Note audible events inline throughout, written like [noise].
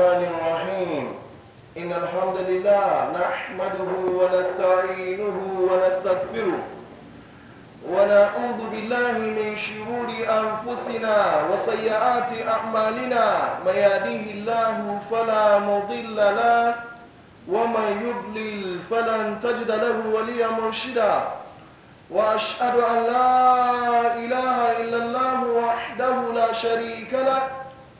الرحمن الرحيم إن الحمد لله نحمده ونستعينه ونستغفره ونعوذ بالله من شرور أنفسنا وسيئات أعمالنا من يهديه الله فلا مضل له ومن يضلل فلن تجد له وليا مرشدا وأشهد أن لا إله إلا الله وحده لا شريك له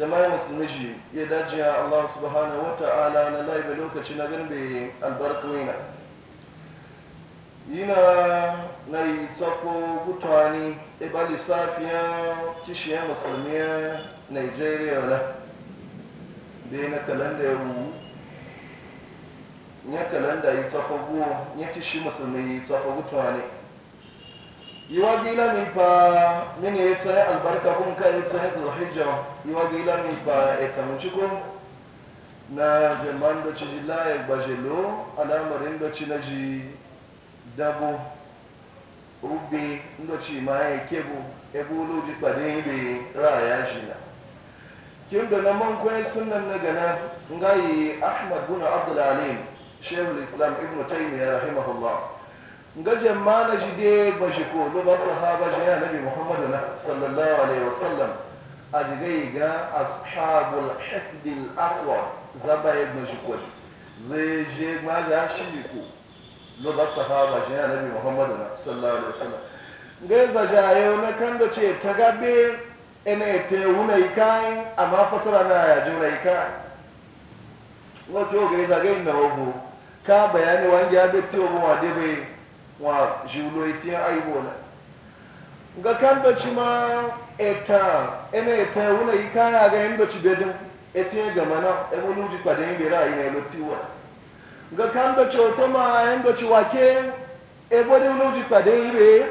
jama'a musulmi shi ya dace a Allah subhanahu wa ta'ala na laifin lokaci na garbe albarkoina yana na yi tsako gutani safiya e lissafiya musulmi musulmiya nigeria na bai na kalanda ya wu ya kalanda ya tsako guwa ya kishi musulmi yi tsako gutani yiwagi lami mini ya tsaye albarka kun ka ya tsaye zulhijja yiwagi lami fa na jaman da ci jila ya gbajelo alamarin da na ji dabo rubbe da ci ma ya kebo ebo loji kwadin ibe raya na kin da na man kwaye na gana ngayi ahmad bin abdul islam ma na shi dai ba shi ko ba haɓa shi ya nabi muhammadu na sallallahu alaihi wasallam a jigai ga ashabul hafdil aswa zaba ya shi ko zai je ma ga shi ko lo ba haɓa shi ya nabi muhammadu na sallallahu alaihi wasallam gai za a yau na kan da ce ta gabe ina ta wuna ikai amma fasara na ya yi ikai wato gai za gai na wabu ka bayani wani ya bi ciwo ba wa dai bai wa jiwuloiti ya aibo e e na ga kan doci ma eta ene eta wuna yi kaya ga yin doci bedin etinye gama na emulu ji kwade yin bera yi na elotiwa ga kan doci oto ma yin doci wake ebo de wulu ji kwade yin be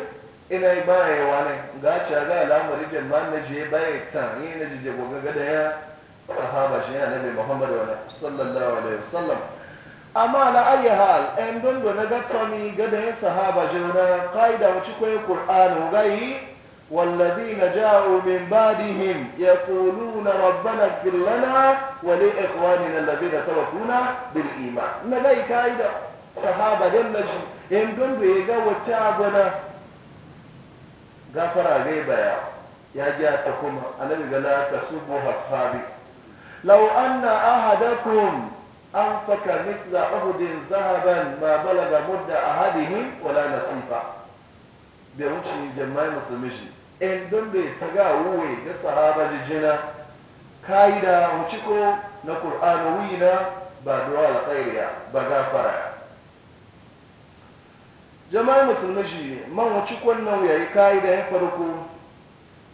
ina yi bana yi wane ga ci ga al'amari jamban na je bayan ta yi na jije gobe gada ya sahaba shi ya nabi muhammadu sallallahu alaihi wasallam amma na ayi hal en dondo na gatsami gada yin sahaba jona qaida wuci na qur'anu gai والذين جاءوا من بعدهم يقولون ربنا اغفر لنا ولاخواننا الذين سبقونا بالايمان نلاقي قاعده صحابه دلجي ان دون بيغا وتابنا غفر عليه a يا جاء تكم انا بلا تسبوا اصحابي لو ان احدكم an faka mitla uhudin zahaban ma balaga mudda ahadihim wala nasifa bi wuce jama'i musulmi shi in don bai taga wuwe da sahaba jijjina kayi da wuce ko na qur'an wina ba du'a alkhairiya ba gafara jama'i musulmi shi man wuce ko nan kayi da ya farko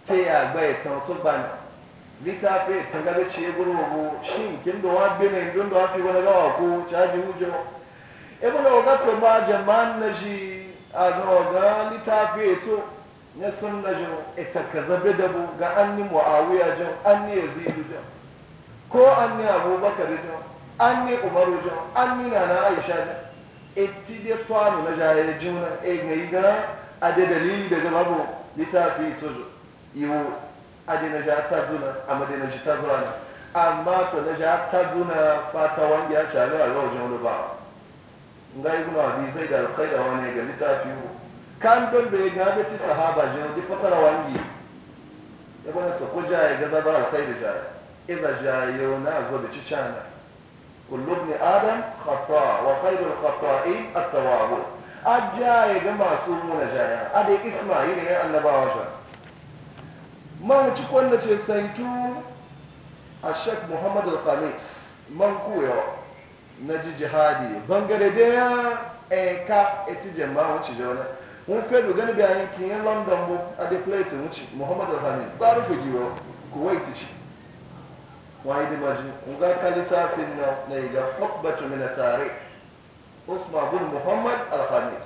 ta ya bai tausu ba. litafe ta gabe ce gurbu shin kin da wabbe ne don da wafi wani gawa ko caji hujjo ibn waqatu ba jama'an naji a ga litafe to na sunna jo ita ka zabe da bu ga anni muawiya jo anni yazid jo ko anni abubakar jo anni umar jo anni na aisha jo ittide twanu na jaye juna e ga yi gara a da dalili daga babu litafi to jo adina ja ta zuna a madina ji ta zuna amma to na ja ta zuna fata wangi ya ci ala alwa wajen wani ba nga yi guna abi zai da alkai da wani ga littafi wu kan don da ya gaga ci sahaba ji wani fasara wangi ya gwana su ko ja ya gaza ba alkai da ja iza ja yau na zo da ci cana kullu ibn adam khata wa khairul khata'in at-tawwab ajja ya ga masu muna jaya ade isma yi ne annabawa sha man ci kwanda ce santu a sheik muhammad al-khamis man koyo na ji jihadi bangare da ya eka eti jama'a wuce jona mun fedu gani da yayin kinyin london bu a da plate wuce muhammad al-khamis ba rufe ku kuwaiti ce wani da maji ga kalita fin na na ga hubbatu min tare usman bin muhammad al-khamis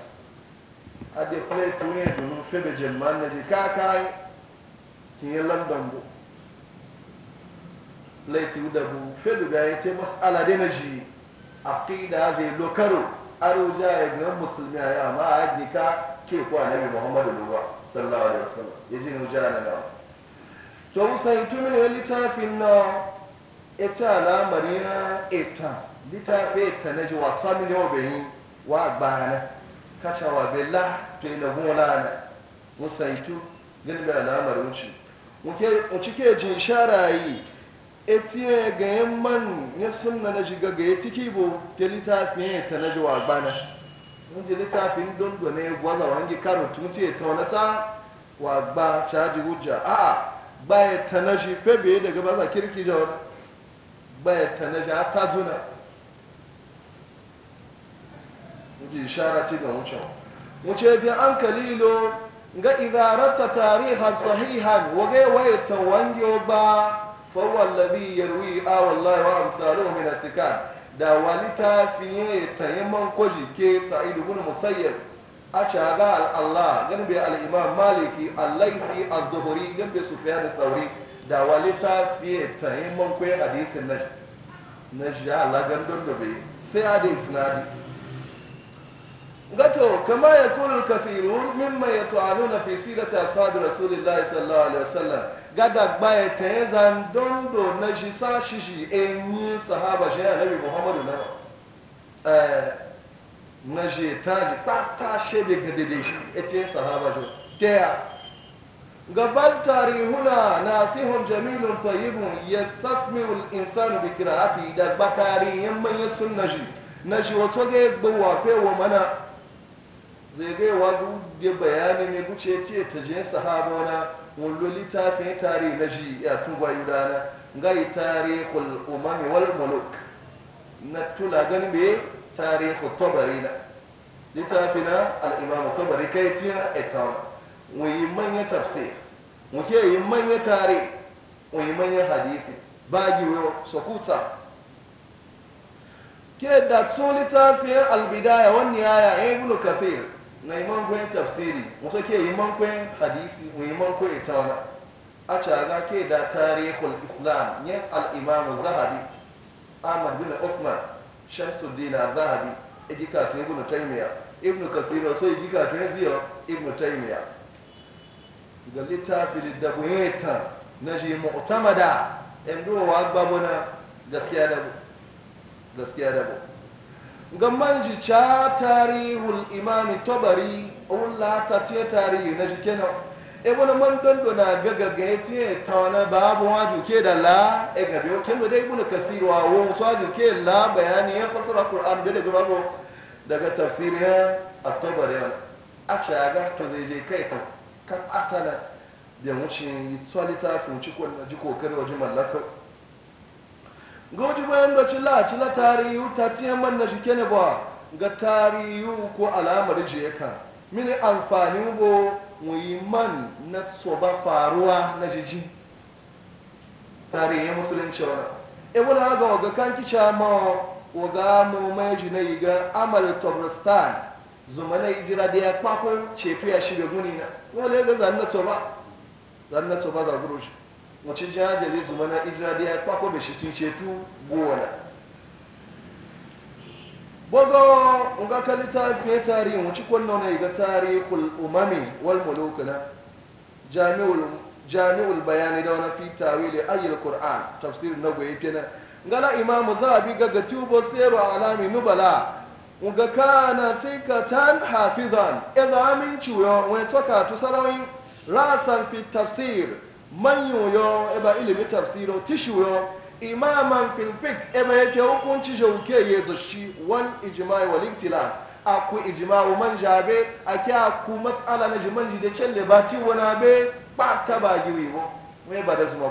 a da plate wuce domin fedu jama'a na ji kakai kinye london bu laitu da bu fedu ga ya ce mas'ala dai na ji a aqida zai lokaro aroja ya ga musulmi a ya ma haji ka ke kuwa nabi muhammadu ruwa sallallahu alaihi wasallam ya ji hujja na da to musayin tumin ya littafin na ita alamari na ita littafi ita na ji wasa mini bai yi wa gbana kashawa bella to ina gona na musayin tu gilbe alamari wuce cike jin sharayi etiye ga yamman ya sunna na shiga ga ya tiki bo ke littafin ya ta na wa bana ji littafin don gwane ya gwaza wani karatu mutu ya taunata wa ba caji hujja a ba ya ta na shi febe daga baza kirki da wani ba ya ta na shi har ta zuna wuce ishara ci ga wucewa wuce ta an kalilo ga idarata tarihar sahihan waje waye tawangiyo ba fawon labi yarwi a wallahi wa amsalu min atikan da walita fiye koji ke Sa'idu ibn Musayyar, a al-Allah ganbe al-imam maliki al-laifi al-duburi ganbe sufyan da thawri da walita fiye tayimman koji hadisin nashi nashi Allah sai a da gato kama ya kuru kafiru mimma ya tu'anu na fi sirata ashabi rasulillahi sallallahu alaihi wasallam gada gbaye ta yi zandondo na shi sa shi shi yi sahaba shi ya nabi muhammadu na eh, na shi ta ji ta ta shebe dade shi ita sahaba shi kaya gaban tarihuna nasihun jamilun tayyibun yastasmi'u al-insanu bi qira'ati da batarihin manyan sunna shi na shi wato ga gbawa fe wa mana zai ga wa da bayani mai guce ce ta je sahaba na wallo littafin tare na shi ya tun gwayu dana gai tarihul umami wal muluk na tula gani be tarihul tabari na littafi na al'imam tabari kai tina etan mu yi manya tafsir mu ke yi manya tare mu yi manya hadithi bagi wayo sokuta ke da ta littafin albidaya wani yaya yi kathir na iman kwen tafsiri musa ke iman kwen hadisi wa iman kwen tawana a caga ke da tarihul islam yin al'imamu zahabi ahmad bin usman shamsuddin zahabi ya ji katon ibn taimiya ibn kasiro so ya tun katon ziyo ibn taimiya ga littafin da buheta na shi mu'tamada yan duwa wa gaskiya da bu gaskiya da bu gamban ji ca tarihul imami tobari la ta tarihi na jike na e wani man dondo na gaga ga yace ta wani babu wa ke da la e ga biyo kin da ibnu kasir wa wo so waju la bayani ya fasara qur'an da daga babu daga tafsirin at-tabari a shaga to zai je kai ta kan atala da wuce yi tsolita fuci ko na ji kokari wajen mallakar goji bayan da ci laci na tarihi ta tiyan man na shike ne ba ga tarihi ko alamar jeka mini amfani bo muhimman na tsoba faruwa na jiji tarihi musulunci wani e wani ga waga kan kica ma waga mu mai ji na yi ga amal tabristan zuma na jira da ya kwakwai cefiya shi da guni na wale ga zanna tsoba zanna tsoba za shi wacce jajali su mana israeliya kwakwa da shi tun ceto gowana bogo nga ka littafi tari wacce kwanon na iga kul umami wal mulukuna jami'ul bayani da wani fitawi da ayyar kur'an tafsir na goye kenan ngala imamu zabi ga ga tubo tsero alami nubala nga kana fikatan hafizan idan aminci wani toka tu sarawin rasan fi tafsir man yoyo eba ilimi tafsiro tishiyo imaman filfik eba yake hukunci jauke ya zashi wal ijma'i wal iktilaf aku ijma'u man jabe ake aku mas'ala na jiman jide can da bati wani be ba ta ba giwi mo mai ba da su ba.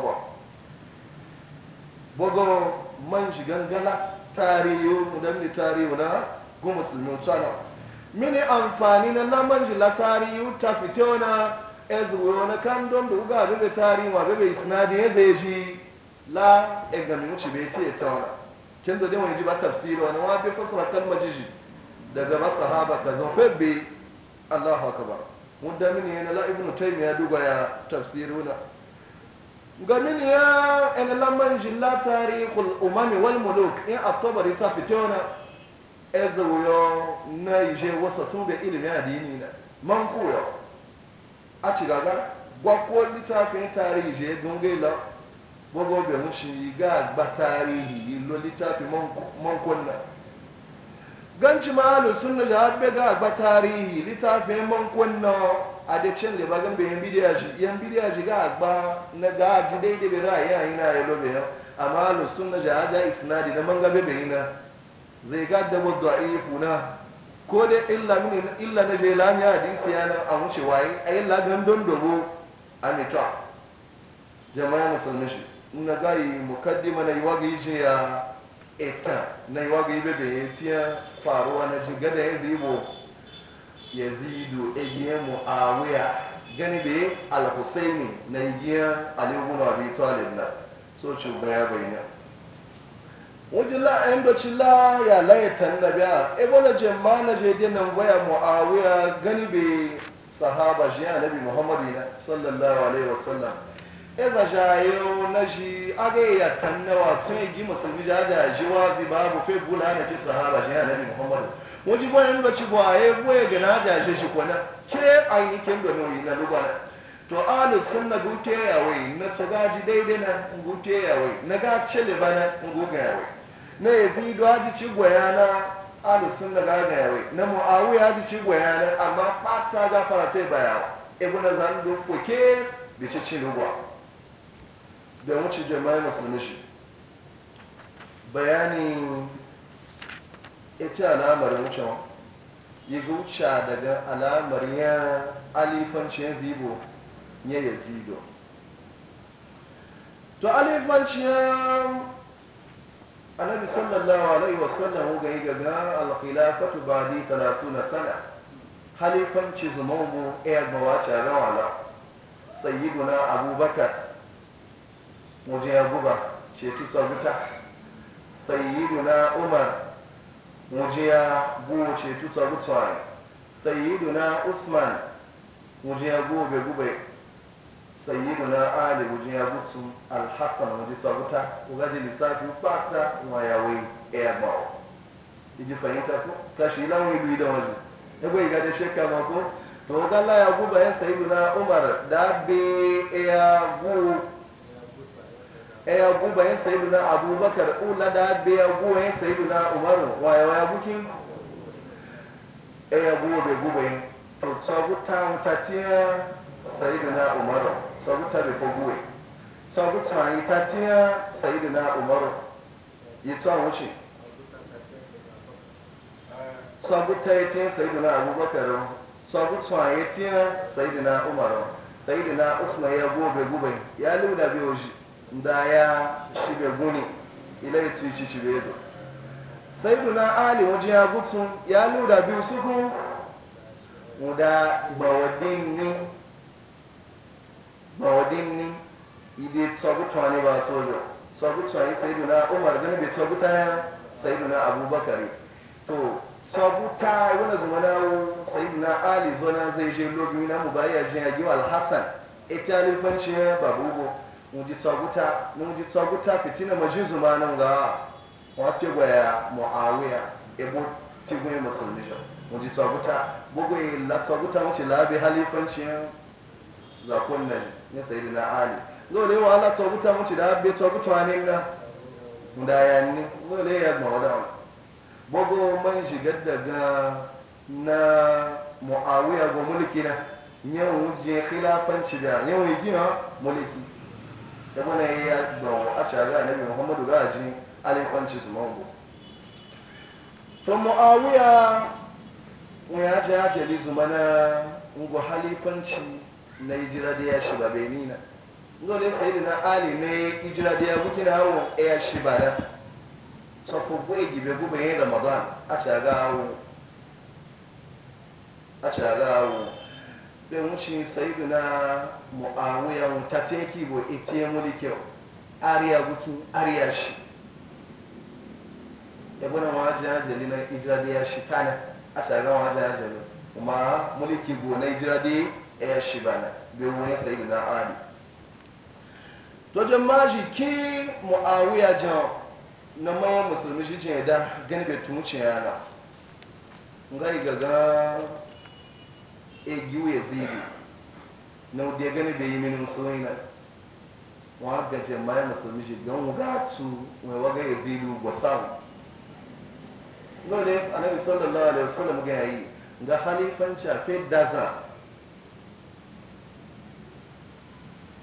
bogo man ji gangala tarihi mudan ni tarihi na go musulmi tsana mini amfani na man jila tarihi ta fitona na ezuwe wani kan don da uga da tari ma bebe isnadi ya zai shi la e ga muci bai ce ta wani kin dai wani ji ba tafsiri wani wa bi fasara kalma jiji daga sahaba ka zan febbe Allahu akbar mudda mini yana la ibnu ya duga ya tafsiruna gamin ya ina lamman jilla tarihul umami wal muluk in at-tabari ta fitona ezuwe na yi yije wasa su bai ilimin addini na man koyo a ci gaga gwakko littafin tarihi je gungai la gbogbo bai mushi ga ba tarihi lo littafi mankon na ganci ma alu sunna da habbe ga ba tarihi littafin mankon na a da cin liba gan bai yan bidiya shi yan bidiya shi ga ba na gaji daidai bai ra'ayi a yana ya lobe yau amma alu sunna da haja isnadi na manga bai bai na zai gadda wadda a iya funa ko dai illa mini illa na je lami hadisi yana a wuce waye a illa don don dogo a mita jama'a musulmi shi na gayi mukaddima na yiwa gayi je ya eta na yiwa gayi bebe ya tiya faruwa na ji gada ya zibo ya zido egiye mu'awiya gani bai al-husaini na igiya aliyu bin abi talib na so ci baya bayyana wajen la'ayin doci la ya laye tallabiya ebo na je na je dinan waya mu'awiya gani be sahaba shi ya nabi muhammadu ya sallallahu alaihi wasallam sha jayo na shi aga ya tannawa tun yi musulmi da aga shi zi babu fe bula na ki sahaba shi ya nabi muhammadu wajen bayan doci ba ya goya gana da shi shi kwana ke an yi kin domin yi na lugana to alu sun na gute yawai na tsogaji daidai na gute yawai na ga cele bana guga yawai na yazidu haji ci gwayana alusun da gagayawe na mu'awiya haji ci gwayana amma fata ga faratai bayawa ibu na zando koke da ci ci rugwa da wuce jama'i musulmi shi bayanin ita alamar wucewa yi wuce daga alamar ya alifancin zibo ya yazido to alifancin annabi sallallahu alaihi wasallam ga yi gaga ta ba'di 30 sana halifanci zumaubu ya mawace rawala sayyiduna abubakar muje ya guba ce tutsa wuta sayyiduna umar muje ya guwa ce tutsa wuta sayyiduna usman muje ya guwa bai gubai sayyiduna ali wajen ya gutsu alhassan wajen sabuta wajen lissafi fata wa yawai airbaw iji fahimta ko kashi lawan ilu idan waje ya bai gada shekka ma ko to galla ya guba ya sayyiduna umar da be ya gu ya guba ya sayyiduna abubakar ula da be ya gu ya sayyiduna umar wa ya bukin ya guba bai guba yin to sabuta mutatiya sayyiduna umar sabuta da kogowe sabuta ma yi na umaru yi tuwa wuce sabuta ya tiya na abubakar sabuta ma ya tiya na umaru sayi na usman ya gobe gube ya luna biyo shi da ya shiga guni ila ya tuyi shi bai zo sayi na ali wajen ya gutsun ya luna biyu su kun da gbawadini. ma wadinni idi tsogutuwa ne ba sojo tsogutuwa sai duna umar gani bai tsoguta ya sai abubakar to tsoguta wani zuma sai duna ali zona zai je lobi na mu baya jin ya alhassan ita alifanci ya babugo mu ji tsoguta mu ji tsoguta fitina majin zuma nan ga wafe gwaya muawiya ebo tigun musulmi mu ji tsoguta tsoguta ya zakon ya sayi na ali dole wa ala tsoguta mutu da abbe tsoguta ne na da yanni dole ya gba wada wani bogo man gadda ga na muawiya ga mulki na yau je khilafan da yau yi gina mulki da mana ya gba a shaga nabi muhammadu gaji alikwanci su mambo to muawiya ya ce ya ce su mana ngwa halifanci na hijira da ya shiga benina dole sai na ali ne hijira da ya wuce na hawo ya shiba da sako bai gibe gube yin ramadan a shaga hawo a shaga hawo da wuce sai na mu'awiya ta teki bo itiye mulkin ariya gukin ariya shi ya bana wajen ajali na hijira da ya shi tana a shaga wajen ajali kuma mulki bo na hijira da e shibana bin wani sayi na ali dojin maji ki mu'awiya jan na mayan musulmi shi ya da gani bai tumuce yana ngai gaga egiyu ya zibi na wuɗe gani bai yi minin soyi na wọn gẹ̀ẹ́sẹ̀ mayan musulmi shi gan wuga su ya zibi gwasawu lọ́lẹ̀ anábi sallallahu alaihi wasallam ga yayi ga a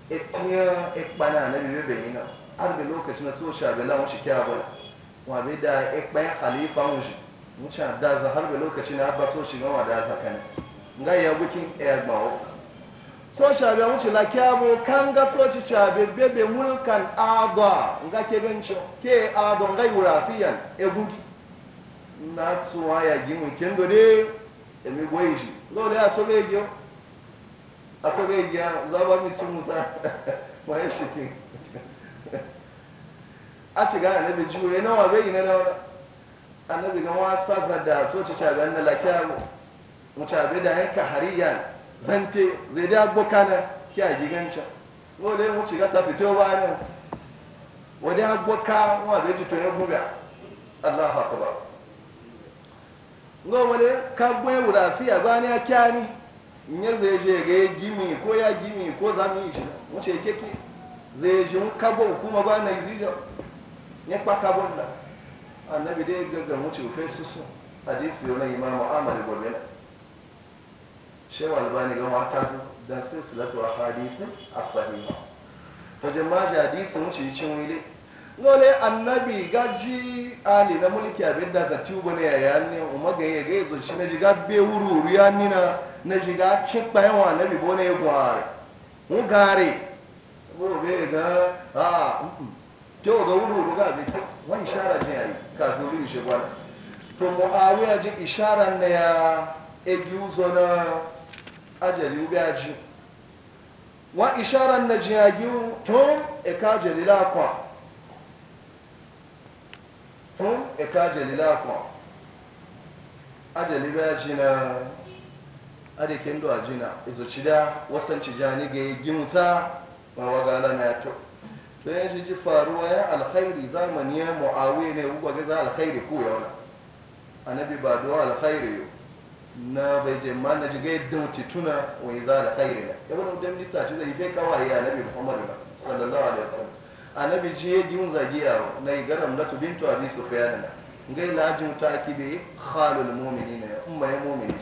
ikiya ikpana na bibe bayi na har lokaci na so shabe na wuce kya bala wa bai da ikpayan halifa wuce wuce da za har da lokaci na ba so shiga wa da zakana nga ya gukin ya e gbawo so shabe wuce la kya bo kan ga so ci be be mulkan adwa nga ke gancho ke adwa nga yurafiyan e na tsuwa ya gimu kendo de emi boyi ji lole ya so bejo a to ga igiya za ba ni cin musa ma [laughs] ya shi a ci ga annabi jiwo ya nawa bai na nawa annabi ga wasa da so ci cabe na lakiya mu cabe da yanka hariya zante zai da na ki a giganca dai mu ci ga ta fito ba nan wani aboka wa zai ji to ya buga Allah akbar ngomale kagwe wura a bani kyani nyar zai je ga ya gimi ko ya gimi ko za mu yi shi wace keke zai ji mun kabon kuma ba na izija ya kwa kabon da annabi dai gaggar wuce fai su su hadisi yau na imamu amari gwamnati shewa albani ga mata su dan silsilatu a hadithin as-sahiha wajen ma ji hadisin wuce cin wile ngole annabi gaji ali na mulki abinda da za tuba ne ya ne umma ga ya ga zo shi na jiga be wuru ya nina na na jiga cikpa yan wa annabi bo ne gware mu gare bo be ga ha to ga wuru ga be wa ishara je ai ka go ri je gwara to muawiya ji ishara ne ya egiuzo na ajali ugaji wa ishara na jiyagiu to e ka jalila kwa fún ẹ̀ka ajali lakwa ajali bai jina adikin do ajina izo cida wasan cijani ga gimuta ma wagala na yato to ya ji ji faruwa ya alkhairi zamani ya muawiya ne uba ga za alkhairi kú ya wala anabi ba do alkhairi yo na bai jẹ ma na ji ga yadda mutu tuna wai za alkhairi na ya wani dan lita ci zai bai kawai ya anabi muhammadu sallallahu alaihi wasallam annabi ji ya giyun zagiya na garam na tu bintu abi sufyan na ngai la jin ta akibe khalul na ya umma ya mu'mini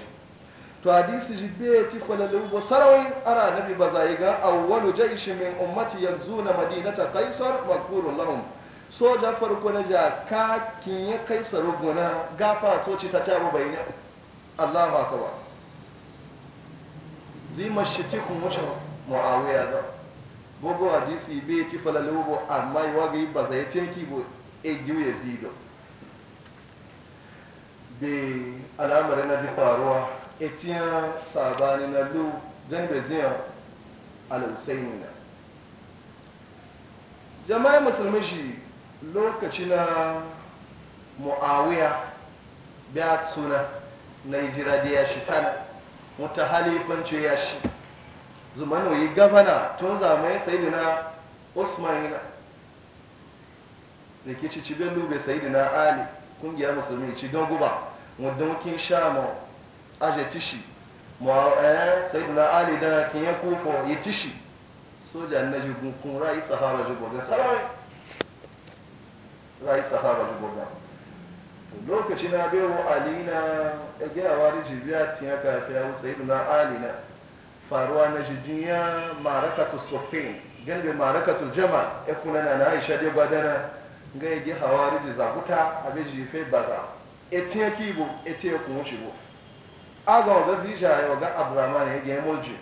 to hadisi ji be ti falalu bo sarawin ara ba za yi ga awwalu jaysh min ummati na madinata Kaisar maghfurun lahum soja farko na ja ka kin ya kaisar guna gafa soci ta ta ne Allahu akbar zima tikun wucin muawiya bobo hadisi be ci fala lobo amma waga yi ba zai cinki bo e giwe zido be al'amarin na ji faruwa e tiyan sabani na lu gan da al al'usaini na jama'a musulmi shi lokaci na mu'awiya biya suna na hijira da ya shi tana ce ya shi zumanu yi gabana tun zamanin dina usman yana da ke ci ci lube bai dina ali kungiyar musulmi ci don guba muddin kin sha ma aje tishi ma eh dina ali da kin ya kufo yi tishi soja na jigun kun ra'ayi sahara gobe, sarari ra'ayi sahara gobe, lokaci na bewa alina ya gina wani jibiya tiya kafin ya wuce na alina faruwa na jijin ya marakatu sofin gande marakatu jama ya kuna na na aisha dai badana ga yi gi hawari da zabuta a bai jife baza ete ya kibo ete ya kuma shigo aga waga wa ya waga abdurrahman ya gaya mulji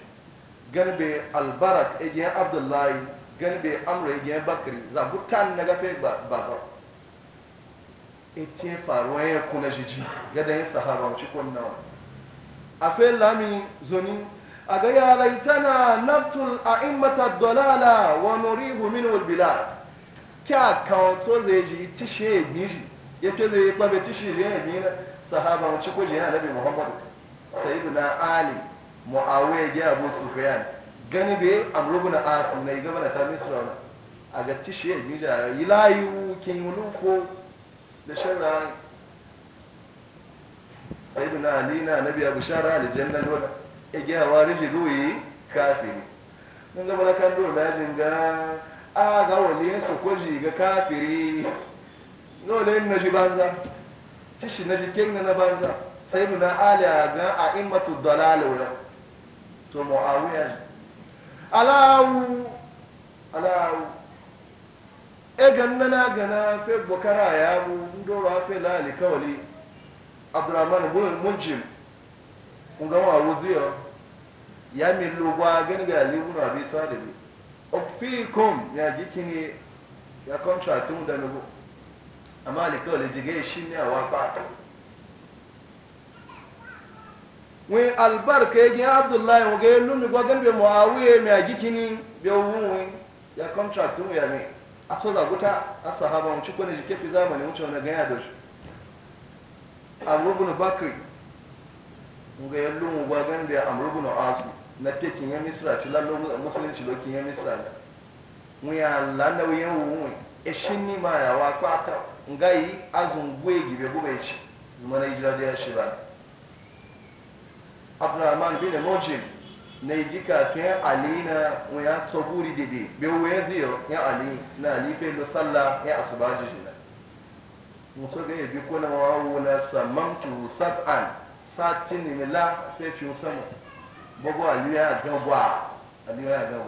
ganbe albarak ya gaya abdullahi ganbe amra ya gaya bakari zabuta na gafe baza ete faruwa ya kuna jiji gada sahara sahaba wuce kunna a fe lami zonin aga ya laitana naftul a'immata dalala wa nurihu minhu albilad kya kawo zai ji tishe giji yake zai kwabe tishe zai gina sahaba ci ko jina nabi muhammad sayyiduna ali muawiya ya abu sufyan gani be amrubuna asu ne gaba da ta misra a ga tishe giji yi layu kin yulufo da sharra sayyiduna ali na nabi abu shara aljanna lola ege a wari yi kafiri mun ga malakan dole na yajin a ga waliyan su kwaji ga kafiri dole yin na shi banza ci shi na shi kin na banza sai nuna ala ga a immatu dalala wala to muawiya alawu alawu e ganna na gana fe bukara ya bu ndoro afe lali kawali abdurrahman bin munjim nga wa wuzuyo ya mi lugwa gani ga libu na bi talibi ofikum ya jikini ya contract mu da lugu amma alikau da jige shi ne a wafa wani albarka ya gina abdullahi wa gaya lullu gwagan bai muawiya mai jikini bai wuwin ya contract mu ya mai a so zaguta a sahaba mu cikin jike fi zamani wuce wani gaya da shi abu bakri nga ya lungu gwa ganda ya amru bin asu na ke kin ya misra ci lallo musulunci lo kin ya misra na mu ya landa wi yan wu e n'i ma ya wa kwata ngai azun gwe gibe gube ci na ijira da ya shi ba abdurrahman bin mujib na yi jika ta yin ali na wuya tsoburi dede bai wuya ziyo ya ali na ali fai lo sallah ya asuba jijina mutu ga yabi kuna wawo na samantu sab'an sati ni mi la fi fi sama gbogbo aliyu ya gan gwa aliyu ya gan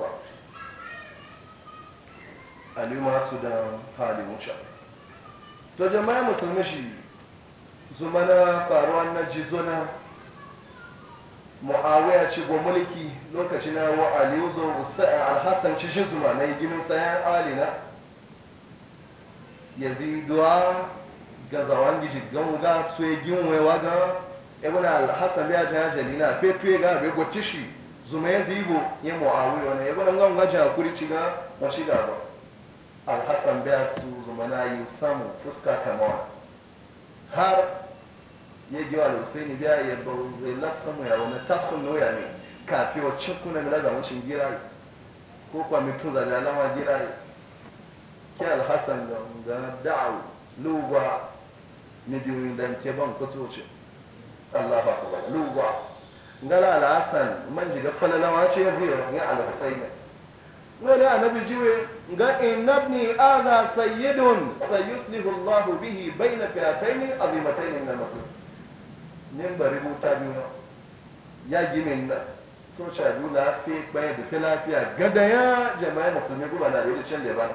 aliyu ma su da hali musha to jama'a musulmi shi zuma na faruwa na jizo na mu'awiya ci go mulki lokaci na wa aliyu zo alhassan ci shi zuma na yi ginin sayan alina duwa ga zawan gijin gan wuga su yi gin ga ibn al-hasan ya ja jalina fetu ga be tishi zuma ibo ye ya muawiya ne ibn nga ga ja kuri chiga mashiga ba al-hasan ya su zumana na yi samu fuska kama har ya ji wa al-husaini biya ya ba zai la samu ya wani tasun noya ne kafi wa cikuna da ga wucin girai ko kwa mitu da lalama girai ki al-hasan ga da'u lugwa ne diwin dan ke ban ko kutoci ku akbar lugwa ngala la hasan man jiga falalawa ce biyo ya al ne ngala annabi jiwe ga innabni aza sayyidun sayuslihu Allah bihi bayna fi'atayn azimatayn min al-muslimin nin bari buta biyo ya gimin na so cha la fi bayan da lafiya gada ya jama'a musulmi guba na da cin ba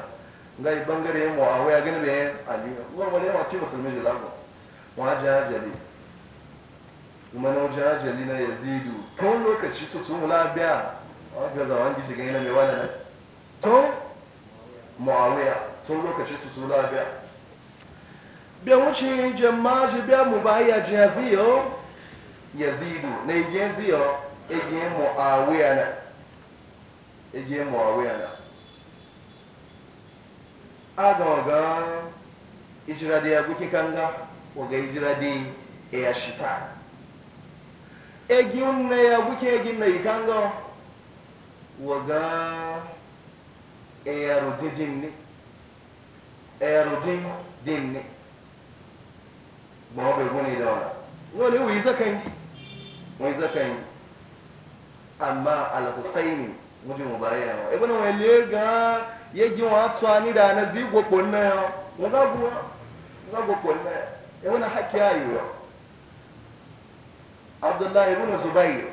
ngai bangare mu a waya gani da aliyu wani ne yawa ce musulmi da wa wajen jari na wajen ajali na yazidu tun lokaci tutun labiya a yana mai wani nan tun tun lokaci labiya bai wuce jama ba ya ji yaziyo na igiye ziyo igiye muawiya na e ya guki kanga waga ijirade ya shita egin e na ya guke egin na ikanga waga erudin din ne erudin din ne ba wa bai gune da wani wani wuyi zakan yi wuyi zakan yi amma al-husaini ya mubaraya wa na wale ga yegi wa tsani da na zigo konna ya ga guwa ga go na ya wani e hakki ayi wa abdullahi ibn zubair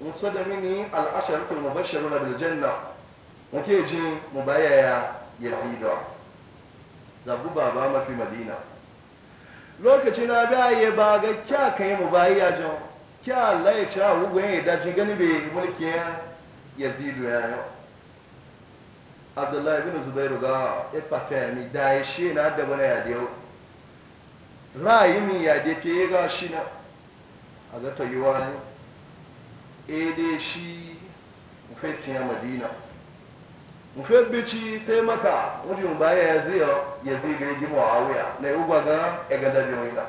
musu da mini al'asharatul mubashshiruna bil janna muke ji mu bayaya yazida zabu baba mafi madina lokaci na baye ba ga kya kai mu bayaya jan kya Allah ya ci hawu gwaye da ji gani be mulki ya yazidu ya yau abdullahi zubairu ga ya fata ni da ya shi na da bana ya dewo ra'ayi min ya de ke ga shi na a zata yi wani e eh dai shi mufetiya madina mufebici sai maka wajen baya ya ziyo ya ziga ya gima wawuya na yi ugwa ga egada biyoyina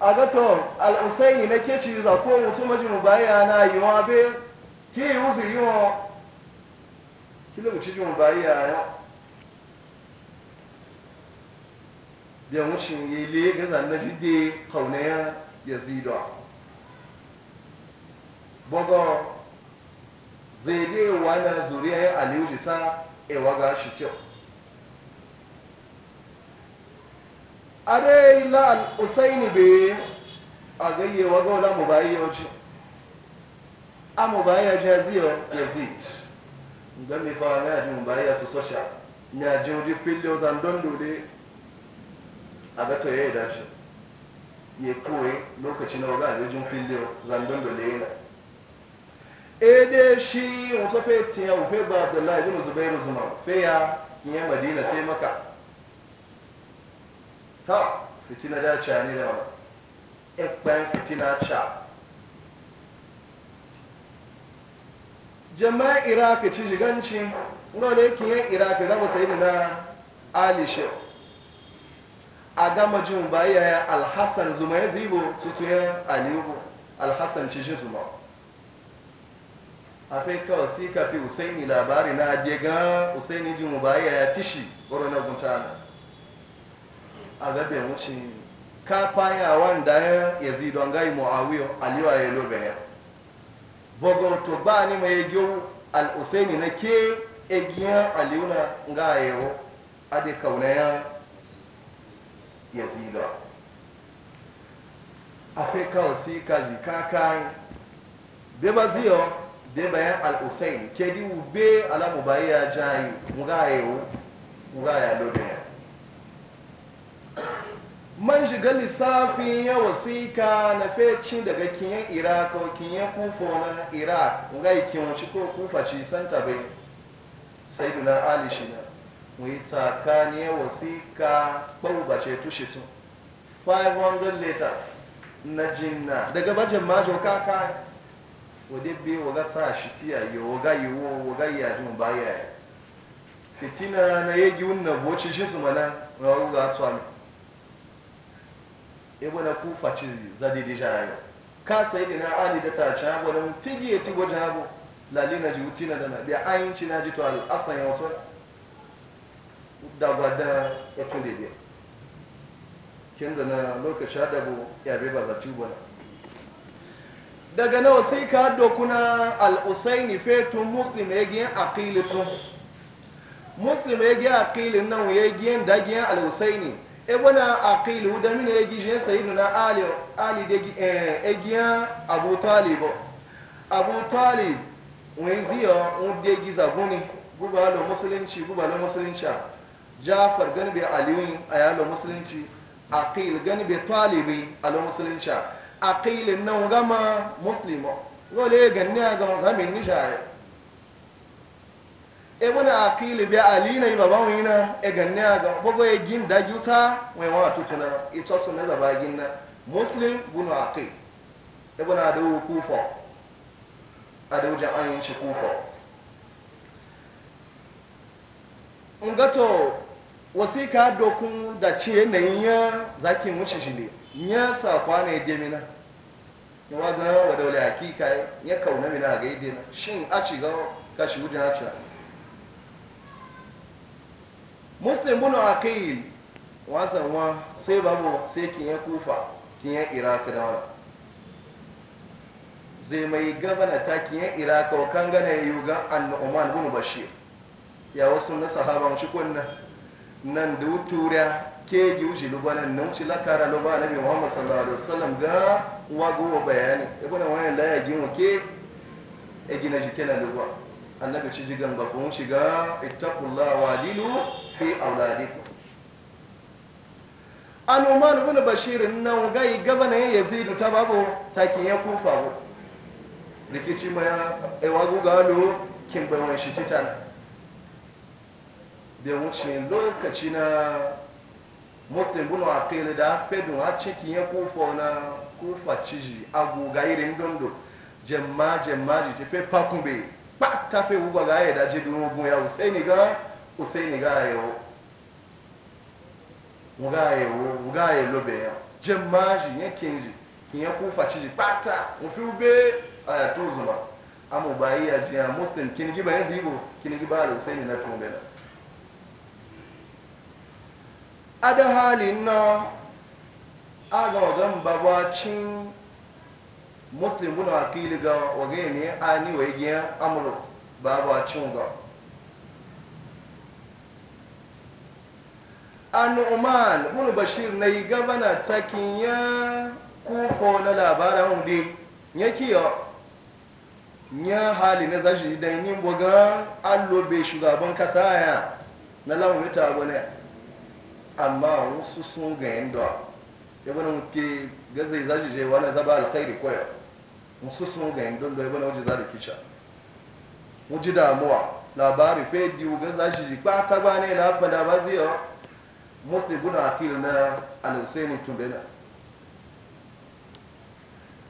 a gato al'usaini na ke ci za ko mutum majin baya na yi wa be ke yi wuzi yi wa kilo mutum baya ya da wucin yi le ga zanna jide kaunaya ya zidwa bugu zai dai wani zuriya ya aliyu lita ewa ga shi kyau la al'usaini be a gayye wa gaula mu bayi a mu bayi ya ya na yajin mu su ya jin rufin da wazan a ga to ya yi dashi ya koyi lokaci na waga da jin filiyo zandon da E ede shi wato fe tiya ufe ba abdullahi bin zubairu zuma fe ya yin madina sai maka ta fitina da ca ne da wani ekpan fitina ca jama'a iraki ci shiganci ngole kiyen iraki zama da na ali shehu a gama jin baya ya alhassan zuma ya zibo cikin aliyu alhassan cikin zuma a fai kawai si kafi usaini labari na je ga usaini jin baya ya tishi wurin na guntana a gabe wuce ka faya wanda ya zidon gai mu'awiyar aliyu a yalo ya. bugun to ba ni mai yiwu al-usaini na ke egiyar aliyu na ga yawo a da kaunayen ya ziga a fi kawo si ka ji kakai da ba ziyo da bayan al'usain ke di ube alamu bayi ya jayi mugayewu mugaya lodaya man shiga lissafin ya wasika na feci daga kinyan iraq ko kinyan kufa na iraq mugayi kinwaci ko kufa ci santa bai sai duna ali na wai tsakaniyar ba ɓauɓace tushe tun 500 letters na jinna daga bajin majo kaka wadda bi waga sa shi tiyaye waga yiwu waga yajin baya ya fitina na yagi wunan boci shi su mana rawu ga tsami ibu na kufa ci zadi di shayayo ka sai ina ali da ta ci hagu da mutum ya ci gwajin hagu lalina ji wutina da na biya ayin ci na ji to al'asan yawon dagwa ya tule biya kin da na lokaci adabu ya bai ba zaci daga nawa sai ka dokuna al-usaini fetun muslim ya giyan aqilitun muslim ya giyan aqilin nan ya giyan da giyan al-usaini e wana aqilu da mine ya giyan sayyiduna ali ali da eh, giyan abu talib abu talib wani ziyo wani da giza guni gubalo musulunci gubalo musulunci jafar gani bai a yalo musulunci aqil gani bai talibi a lo musulunci aqilin nan gama muslimo gole ganni a gama gamin nishare e wani aqili bai ali na yi baban wina e ganni a gama bugu ya e gin da juta wai wa tutuna ita e su na zaba gin na muslim bunu aqil e wani adawu kufa Ado jama'in shi kufa ngato wasika dokun da ce yanayin ya zaki mushi shi ne ya sa kwana yadda mina ya waga wa daula hakika ya kauna mina ga yadda na shin a ci gawa kashi wujen a ci muslim bunu a kai wasan wa sai babu sai kin ya kufa kin ya iraq da wani zai mai gabana ta kin ya iraq wa kan gana ya yi ga annu'uman bunu bashir ya wasu na sahaba shi kunna nan da wuturiya ke ji wuce lubanan nan wuce latara luba nabi muhammad sallallahu alaihi wasallam ga wa gowa bayani ibn wayan laya ya gina ke e gina shi kenan luba annabi ci jigan ba kun shiga ittaqullaha walilu fi auladikum an umar ibn bashir nan gai gabana yazid ta babu takin ya kufa rikici ma ya e wagu ga lo kin bayan shi titana da wuce lokaci na mutum bunu a kai da fedun a cikin ya kufa na kufa ciji agoga irin dondo jemma jemma ji tafe fakun bai ba ta fe uba ga ya dace bin ogun ya usaini ga usaini ga yawo uga yawo uga ya lobe ya jemma ji ya kinji kin ya kufa ciji ba ta mufi ube a ya to zuma amma ba yi ya ji ya muslim kin giba ya zigo kin ba da usaini na na. ada halin na aga wagan babacin muslim guna a fili ga wage ne ani wa igiyan amuru babacin ga an umar bin bashir na yi gabana takin ya kuko na labaran hudu ya kiyo ya hali na zaji don yin buga allobe shugaban kasa ya na launin tabu amma wasu sun ga yadda ya bane muke gaza ya zaji je wani zaba alkhairi koya wasu sun ga yadda don da ya bane za da kica waje damuwa labari fedi biyu gaza shi ji ba ta ba ne na fada ba zai yau musu na akil na alusaini tumbena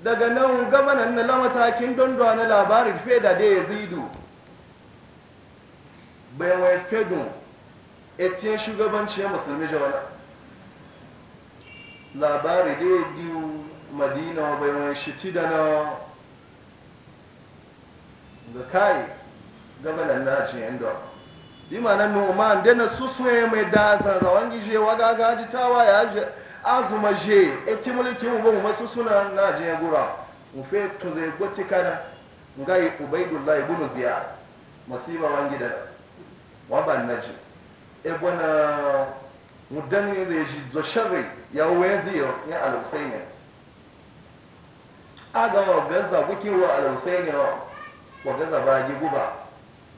daga nan gabanan na lamatakin dondo na labarin fai da ya zidu bai wai fedun etiyan shugabanci ya musulmi jawana labari da ya biyu madina wa bai wani shi da na ga kai gabanan na ce yan dawa bi mana noman da na ya mai dasa ga wani je waga gaji tawa ya je azuma je eti mulki mu ba mu masu suna na je gura mu fe to zai gotti kana ngai ubaidullahi ibn ziyad masiba wangi da ban naji ebona eh, mudanni zai shi zo sharri ya waye ziyo ya ne? A ga wa gaza kuke wa al-husaini wa gaza ba ji guba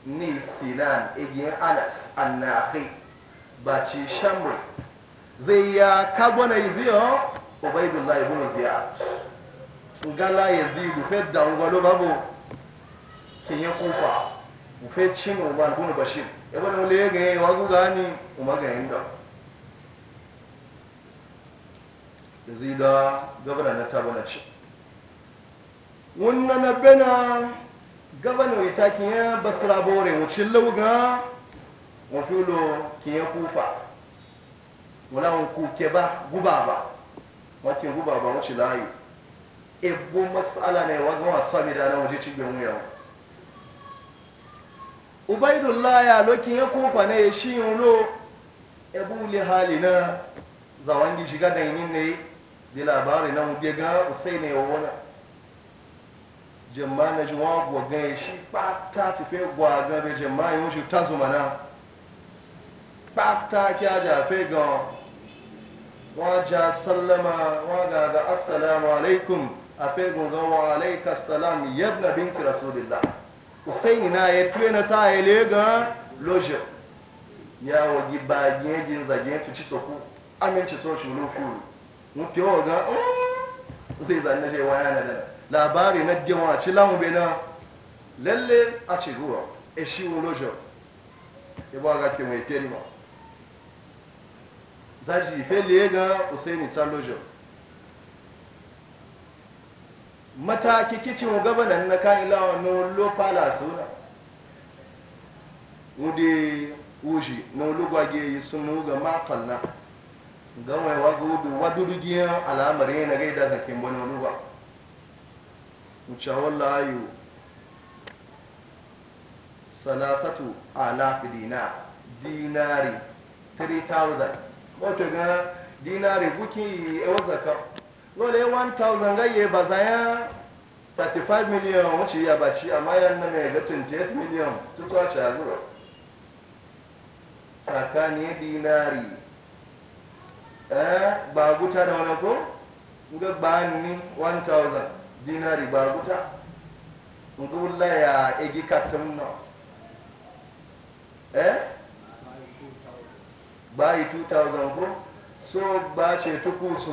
ni sinan igiyan alas, annafi ba ci shamri zai ya kabona ziyo ubaidullah ibn ziyad ngala yazidu fedda ngalo babu kinye kufa mu fe cin umar ibn bashir wani wani ya gaya wa guga gani kuma ga yin da zai da gabana na tabana ce wannan na bena gabana ya ta ya basra bore wucin lauga wafiulo kiyan kufa wani an kuke ba guba ba wakin guba ba wuce layu ebbo masala ne wa gawa tsami da na waje cikin wuyawa ubaidullah ya loki ya kofa na ya shi yano ebu li na zawangi shiga da yin ne da labari na mu ga usai ne wona jama'a na jiwa gwaga ya shi pata tafe gwaga da jama'a ya wuce ta zumana pata kya jafe ga waja sallama waga ga assalamu alaikum a fegun ga wa alaika salam yabna binti rasulillah usaini na ya na sa ya lega loje ya wagi ba je zage su ci soku so shi lukuru mutu yawa ga zai oh! zanne shi waya na da labari na gima ci lamu be na lalle a ci ruwa e shi wa loje ya ba ga ke mai terima zaji fe lega ta loje Mata kici mu gaba nan na kan ilawa no lo fala sura udi uji no lu gwage yi sunu ga ma falla ga mai wa gudu wa dudugiyan al'amari na gaida zakin wani ruwa mu cha wallahi salasatu alafi dina dinari 3000 wato ga dinari buki e wazaka lọ́lẹ̀ 1000 gáyé ye bazaya 35 million wuce ya baci amma yan nan ya ga 28 million tutu a shagura tsakanin dinari eh ba guta da ń gbé ga ní 1000 dinari ba guta ngula ya egi katun na eh bayi 2000 ko so ba ce tukusu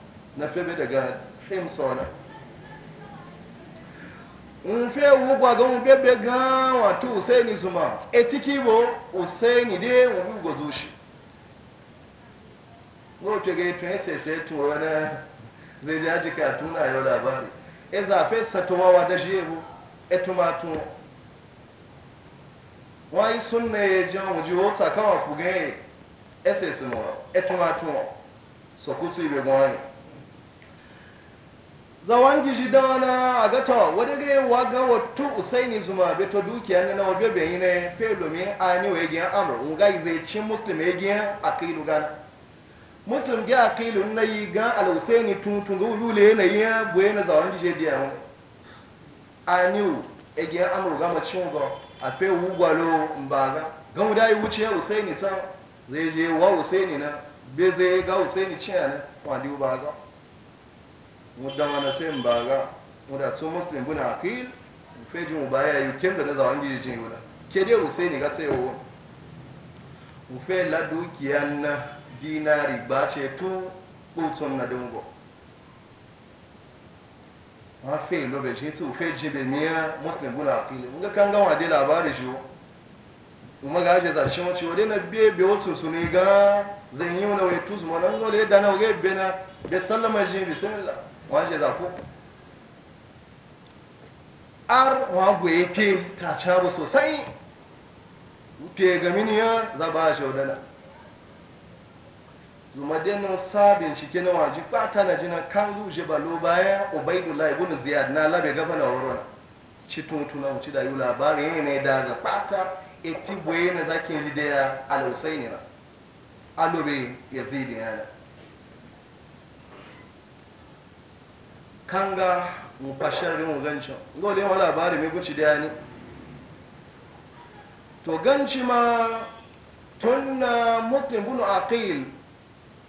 na febe daga fim sona n fe wugwa ga mu bebe gan wato usaini zuma etiki bo ni de wani gozo shi n'otu ga etu esese etu wani zai ji aji katun na yau labari e zafe satowawa da jebu etu matu wani sunna ya jan wuji wata kawa fugaye esese tun? etu matu sokutu ibe gwani Za gishi ji wana a ga to wadda ga yawa ga wato usaini zuma be dukiya na na wabe be yi ne fe domin ani wa yagiyan amur un ga zai ci muslim yagiyan akilu gana muslim ga akilu na yi ga al usaini tun tun ga ulule na yi boye na zawan gishi da yawa ani wa yagiyan amur ga macin ga a fe wugwalo mbaga ga mu dai wuce usaini ta zai je wa usaini na be zai ga usaini ciya na wadi ba ga mudan wani sai ga muda su muslim buna akil fejin mu baya yu kenda na zawan jiji jin wuda ke dai ne ga sai wo ufe la dukiyan na dinari ba ce tu kutsun na dungo ma fe lo be je tu fe bai miya muslim buna akil mun ga kan wa dai labari shi kuma ga aje za shi mace wadai na biye biye wutsun su ne ga zan yi wani wai tusu ma nan gole da na wage bena da sallama jin bisimila wọ́n jẹ́ dàkú ar wago yake ta caro sosai ke ga miniya zaba ba shi zumade na sa bincike na waji kwata na jina kan ba balo bayan la ibn ziyad na labe gaba na wurin ci tuntuna wuce da yi labarin ne da ga kwata eti boye na zakin jidaya al-husaini na alobe yazidi yana kanga mufashar yin gancin gole wani labari mai guci da yani to ganci ma tun na mutum bunu aqil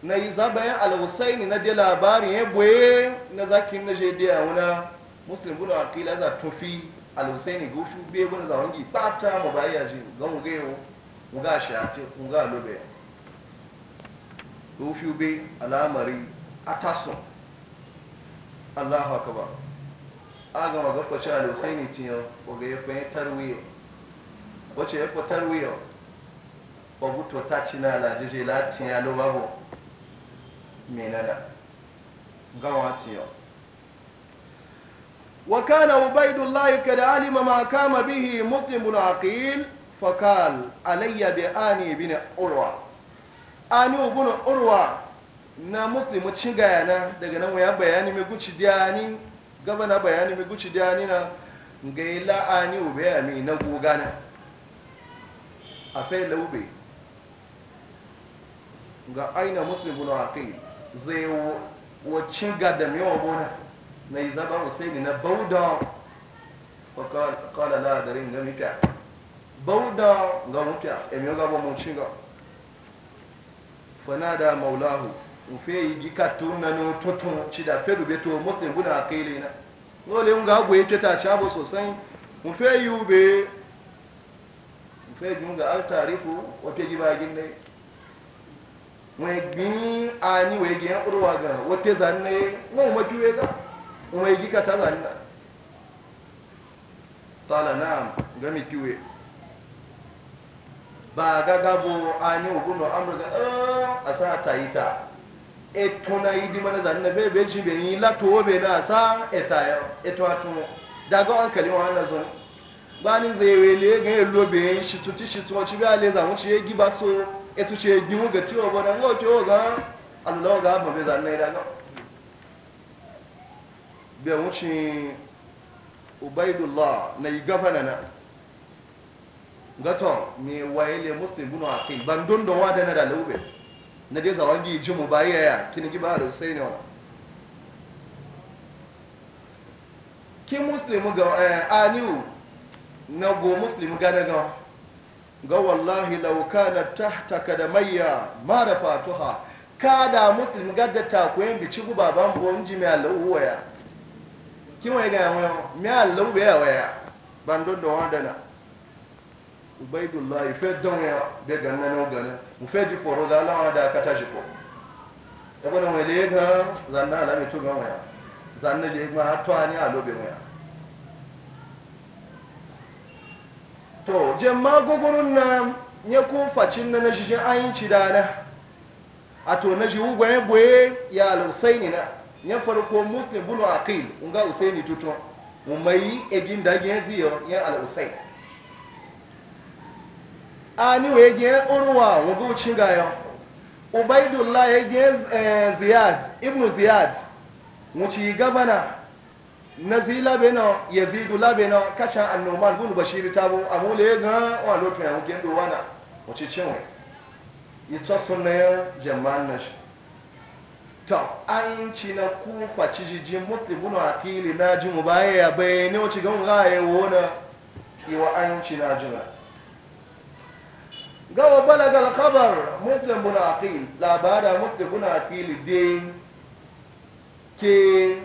na yi zabayan alhussain na je labari ya boye na zaki na je a wuna muslim bunu aqil za tufi alhussaini gushu biye za wangi ba ta mu bayi yaji ga mu gayo mu ga shi a ce kun ga lobe gushu bi alamari a taso allahu akbar a gama ga kwacha da sai ni tiyo o ga yafa tarwiyo o che yafa tarwiyo o buto ta ci na la je je la tiya lo babo me na na ga wa tiyo wa kana ubaidullahi kad alima ma kama bihi mutimul aqil fa kal alayya bi ani bin urwa ani ubun urwa na muslimu ci gayana daga nan waya bayani mai guci diyani gabana bayani mai guci diyani na ga yi la'ani obe ya na gogana a fai laube ga aina muslimu na yi zai wacin ga da mewa gona na yi zaba usaini na bauda wa kala la'adarin ga mita bauda ga mutu a mewa gaba mun ci ga da maulahu nfe yi ji katun na no tutun ci da fedu beto muslim guda kaile na dole mun ga goyi ta ci abu sosai nfe yi ube nfe ji nga ga al tarifu wata ji bagin dai mai gbin ani wai gi kurwa ga wata zanne mun majuwe ga mai ah, ji ka ta zanne qala na gami kiwe ba gagabo ani uguno amurka a sa ta yi ta eto na yi dimana zan na bai bai ci yi latowo bai na sa eta ya eto a tumo daga an kalima wannan zo ba ni zai wele ga yi lobe yi shi tuti shi tumo ci bai za mu ci gi ba so eto ci gi mu ga ciwo ba dan o ga allah ga ba bai zan na yi daga bai ubaidullah na yi gafana na muslim wa da na da na dai zawon gi ji mu bayi yaya kini gi ba da sai ne wa ki muslimu ga eh, aniu na go muslimu ga daga ga wallahi law kana tahta da ma rafatuha kada muslim ga da ta ko yin bici gu baban bo inji me Allah waya ki wai ga yawo me Allah waya waya ban don don na. ubaidullah fa don ya daga nan ganin mfe poro da alawa da aka tashi ko ya gwada wele ga zanna alami tu ga waya zanna je ma har a ani alo be waya to je ma gogurun na nye ko facin na nashi je ayin ci da na a to nashi ugwa ya boye ya al-husaini na nye farko muslim bulu aqil unga Usaini tuto mu mai egin da gen ziyo ya al-husaini ani wa yage urwa wa ya gayo ubaidullah yage eh, ziyad ibnu ziyad wuci gavana na zila yazidu labeno kacha annoman bunu bashir tabo amule ga wa lotu ya mugen do wana sunna ya jama'an nash to an ci na kufa cijiji mutu bunu na ji mu baya ya bayane wuci ga mu ga ya wona an ci na jira ga wa balaga al-khabar muslim bin aqil labara muslim bin aqil dai ke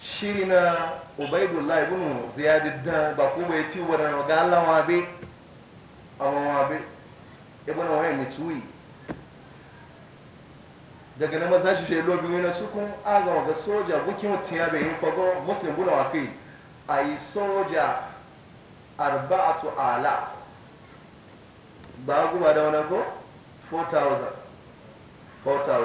shirina ubaidullah ibn ziyad dan ba ko bai ci wannan ga Allah wa be amma wa be ibn wahid ne tuyi daga na maza shi shelo biyu na sukun aga ga soja bukin tiya bai yin kwago muslim bin aqil ai soja arba'atu ala ba guba da wani ko 4,000 4,000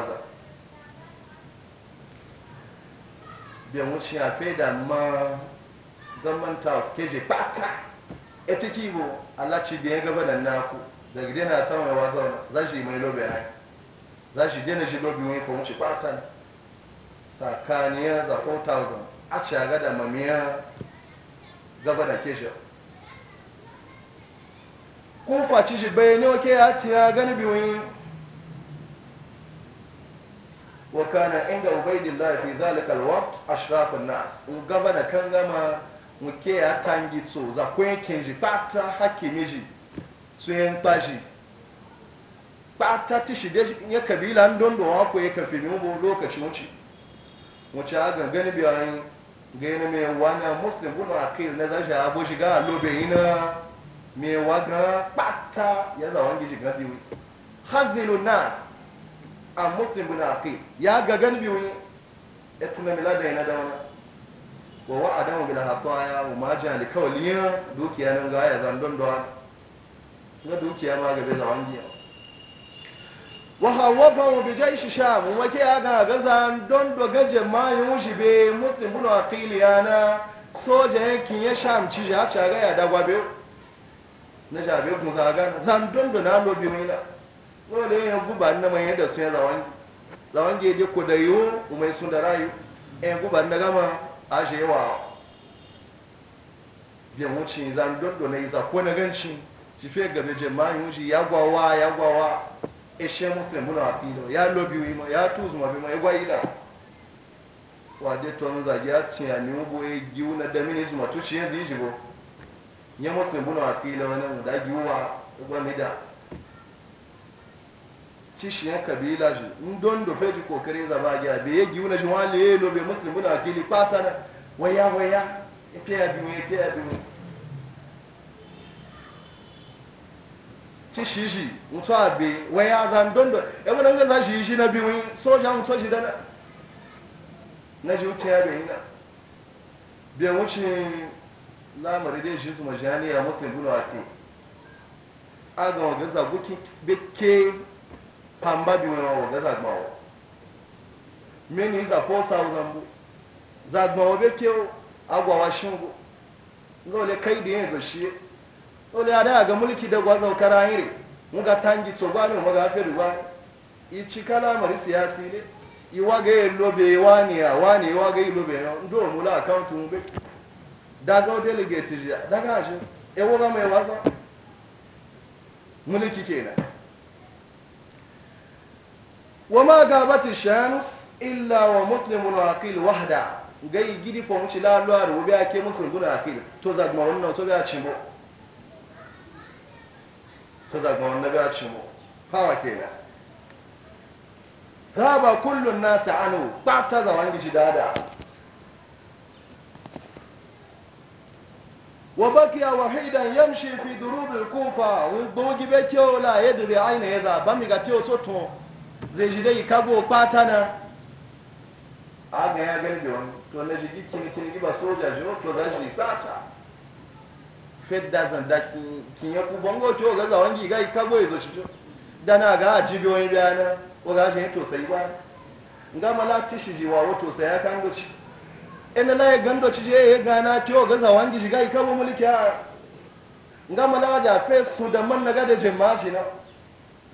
biyan wuce ya fai da ma government house keje pata ita kibo alaci biyan da naku da daga dina samun wasa za shi mai lobe ya za shi dina shi lobe wani kuma shi pata tsakaniya za 4,000 a ci a gada mamiya gaba da gabanin 4,000 ko kwaci shi bai ne wake ya ci ya gani biyoyi wa kana inda ubaidin lafi zalika wat ashraf an-nas gaba da kan gama muke ya tangi so za kwenkin ji pata hakimi ji su yin paji ta ti shi ya kabila don don wa ku ya kafi mu bo lokaci wuce wuce ga gani biyoyi ga na mai wani muslim bunu akil na zai shi abu shiga lobe ina me waga kpata ya zawon gishi ga biyu hazilu na a muslim bin aqil ya ga gan biyu ya tuna mila da yana da wani wa wa adamu bila aya wa ma jali kawliya dukiya nan ga ya zan don don na dukiya ma ga bai zawon giya wa hawafa bi sha mu wa ke ga ga zan don do gaje ma yin shi be muslim bin aqil yana soja yankin ya sham ci ja ta ga ya dagwa biyu na jabe kun za gana zan dondo na lobi mai da dole yan guba na mai yadda sun zawan zawan ge je ko da yo umai sun da rayu yan guba na gama a she yawa bi wuce zan dondo na yi za ko na ganci shi fiye ga je ma yuji ya gwawa ya gwawa e Ya she musulun muna afido ya lobi wi ma ya tuzu ma bi ma ya gwaida wa de ton za ya tiya ni ubo e giuna da mini zuma tuci yanzu yi jibo nye mo kpe buna afi la wani da giwa igwa mida tishi yan kabila ji ndon do feji kokarin zaba ga be ya giwa na ji wani ya lobe muslim buna afi li pata da, waya waya ite ya biyu ite ya biyu tishi ji a abe waya zan don do ya wani nga za shi shi na biyu soja mutu shi dana na ji wuce ya yi na bai wuce lamari dai shi su majani ya mafi gula ake a ga wagaza guki beke pamba bi wani wagaza gbawo mini za ko sauran bu za gbawo beke agwawa shin bu zole kai da yin zoshi zole a da ga mulki da gwazo kara yire muga tangi tsoba ne muga hafi ruwa ici kalamari siyasi ne iwa ga yi lobe wani ya wani iwa ga yi lobe ya ndo mula akauntun daga o delegate da, daga shi e wuga mai waza mulki kenan wama gabati shams illa wa muslimun wa aqil wahda gai gidi ko mu ci la lo aru bi ake muslim guna aqil to za ga wannan to ga ci to za ga wannan ga ci fawa kenan Raba kullun nas anu ba ta za wangi shi dada وبكي وحيدا يمشي في دروب الكوفة وبوجي بكيو لا يدري عين هذا بامي غاتيو سوتو زي جدي كابو باتانا أغنى يا جندون تو نجي كيني كيني جيبا سوجا جو تو داجي باتا fedda دازن دا kin يكو بانغو bongo غزا وانجي غاي كابو يزو شجو دانا غا جيبيو يبيانا وغا ji biyo yin bayana ملا ga shi to sai ba nga ina na ya gando ci je gana tiyo ga zawan gishi ga ikabu mulki ya nga mana waja fe su da man naga da jama'a shi na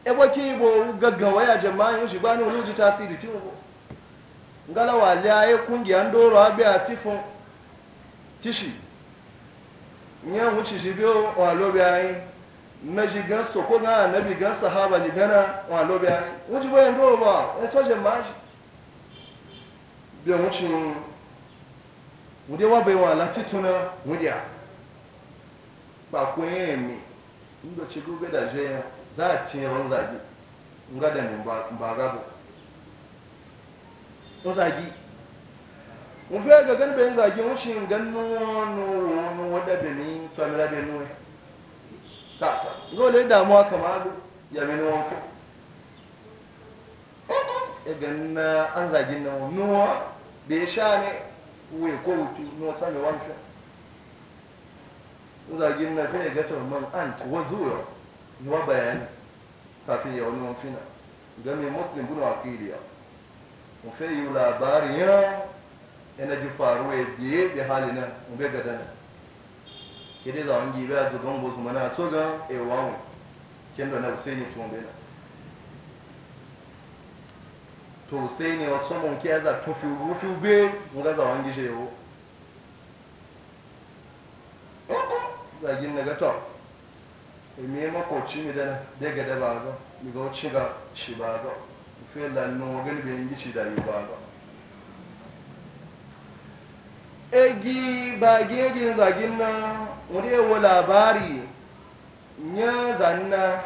e ba ki bo gaggawa ya jama'a yin shi ba ni wani tasiri ti wo nga la an ya kungiyan doro abi a tishi nya wuci shi biyo wa na shi gan so na nabi gan sahaba ji na wa lobi ayi bo doro ba e so shi biyo wùdí wà bẹ̀rẹ̀ wà láti tún náà wùdí à mi inda ci gobe da zai za a ci yawan zagi nga da min ba gabo o zagi mun fiye ga gan bayan zagi mun shi gan nono wani wadda da ni famila da nuwa ta sa zo da damuwa kamar ya mini wanko e gan an zagi nan nuwa da sha ne uwe gouti no sami wanka uzagin na fai gatar man an wa zuwa wa bayani kafin ya wani wafina ga mai muslim bin wakiliya mu fai yi labarin ya yana ji faruwa ya biye da hali nan mu bai gada nan kede zawon gibe a zuban gosu mana to ga ewa mu da na usaini tun bai nan to sai ne wasu mun ke za tufi rufi be mun ga zawon gishe yau zagin na gato ime makoci mi dana daga da e, ba ga mi ga wuce ga shi ba ga fi lannu wagan yin gishi da yi ba ga egi ba gegin zagin na wurewa labari ya zanna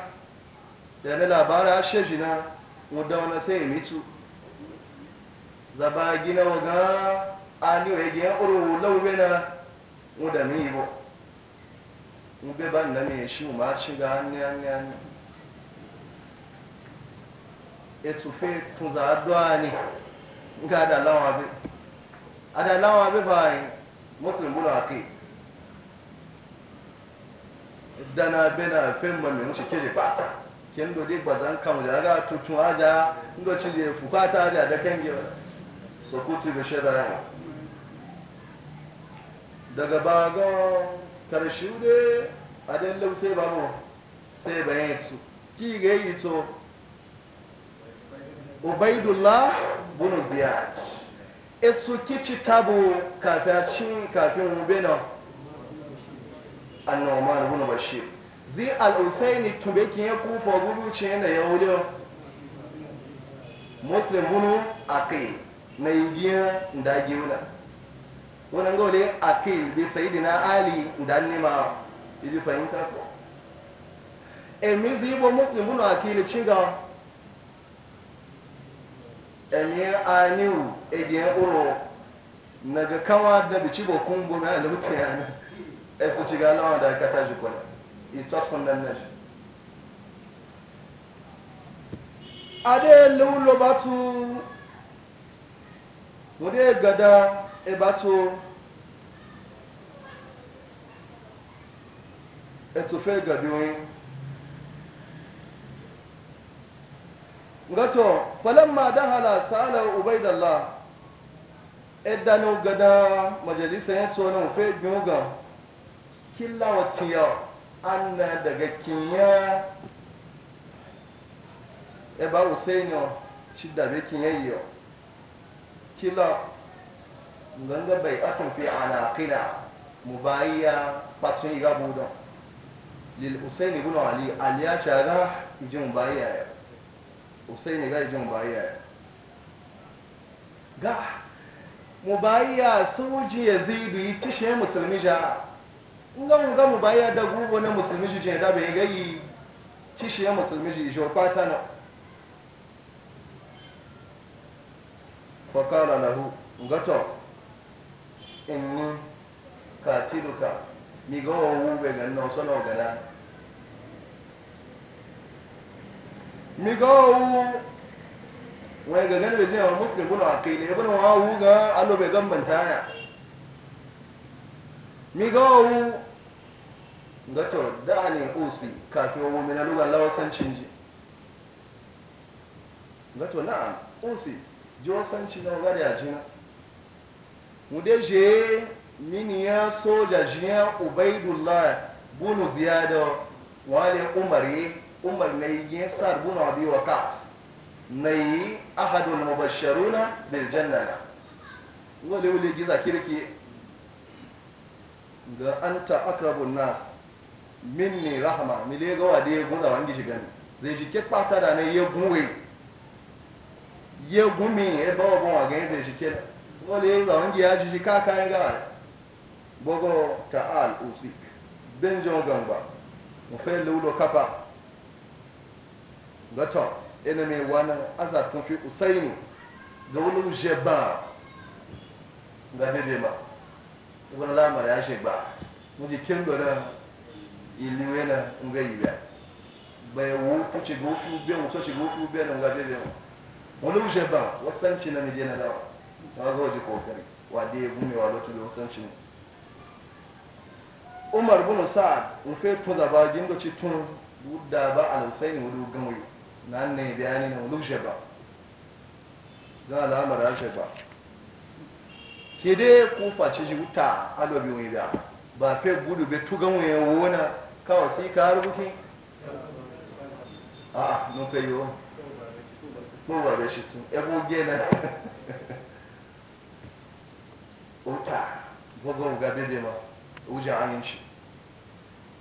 da na labara shejina wadda wani sai mitu zaba gina waga ani rege ya uru laube na Mu muda mi bo mube ban na me shi mu ma shi ga anni anni anni etu fe tun za a ni ga da lawa be A da lawa be bai muslim bula ake dana bena fen ba mi mu shi ke ba ta kendo di bazan kan da ga tutun aja ndo ci je fukata da da kan su kuti da shari'a daga baga karshe a dalilin sai ba mu sai bayan su ki ga yi to ubaidullah bunu ziyad etsu kici tabo kafin kafin rubena da bunu zai al'usai ne tube ki ya kufa gudu ce na yahudu muslim bunu kai. na igiya da giuna wannan gole akil bi sayidina ali da nima idi fahimta ko emi zibo muslim bunu akil chiga emi aniu egiya uro naga kawa da bici bo kungu na da mutse yana eto chiga lawa da kata jikona ito sunnan nashi ade lulo batu were gada ịbatụ e etufe ma onye gato falamma dahala sala ubaidallah edanu gada majalisa ya tsoron fe gyoga killa wacce yau an na daga kinya eba usaini shidda be kinyayyo kila ganga bai atun fi alaƙila mu bayiya patsun iga budon lil usaini ibn ali aliya shaga ijin bayiya ya usaini ga ijin bayiya ga mu suji yazid yazidu yi tishe musulmi ja Ngan mu ga mu da gubo na musulmi ji da bai gayi tishe musulmi ji jo kwata na fakala lahu gato inni katiluka mi ga wa wube ga nan sono gada mi ga wa wu ga gani bai jiya wa mutu guna a kai ne ibn wa wu ga allo bai gambanta ya mi ga wu gato da ne usi kafin wa na lugan lawasan cinji gato na'am usi josanci na gari a jina mude je miniya soja jiya ubaidullah bunu ziyada wale umar ye umar na yi sa'ad bunu abi waqas na yi ahadul mubashsharuna bil janna wale wale giza kirki ga anta akrabun nas minni rahma mile ga wade guda wangi shigan zai shi ke pata da ne ya guwe ye gumi ya ba wa bawa ga yadda shi ke wale ya zawon giya shi shi kaka ya gawa bogo ta al'usi bin jin gamba mu fai lulo kafa gato ina mai wani azafin fi usaini ga wani jeba ga daidai ba wani lamar ya shi ba mu ji kin gudun ngayi ba bai wu so wani ba wasanci na mije na dawa ta zo waje kokari wade ya gume wa lotu da wasanci ne umar bin sa'ad ufe to da ba jingo ci tun da ba al-husaini wani gamuyo nan ne bayani na wani ba za a lamar rashe ba ke dai kufa ci ji wuta alobi wani da ba fe gudu bai tugan wani wona kawai sai ka harbuki a'a nufe yiwu da shi situ ebo gena uta boga ga bebe ma uja ainci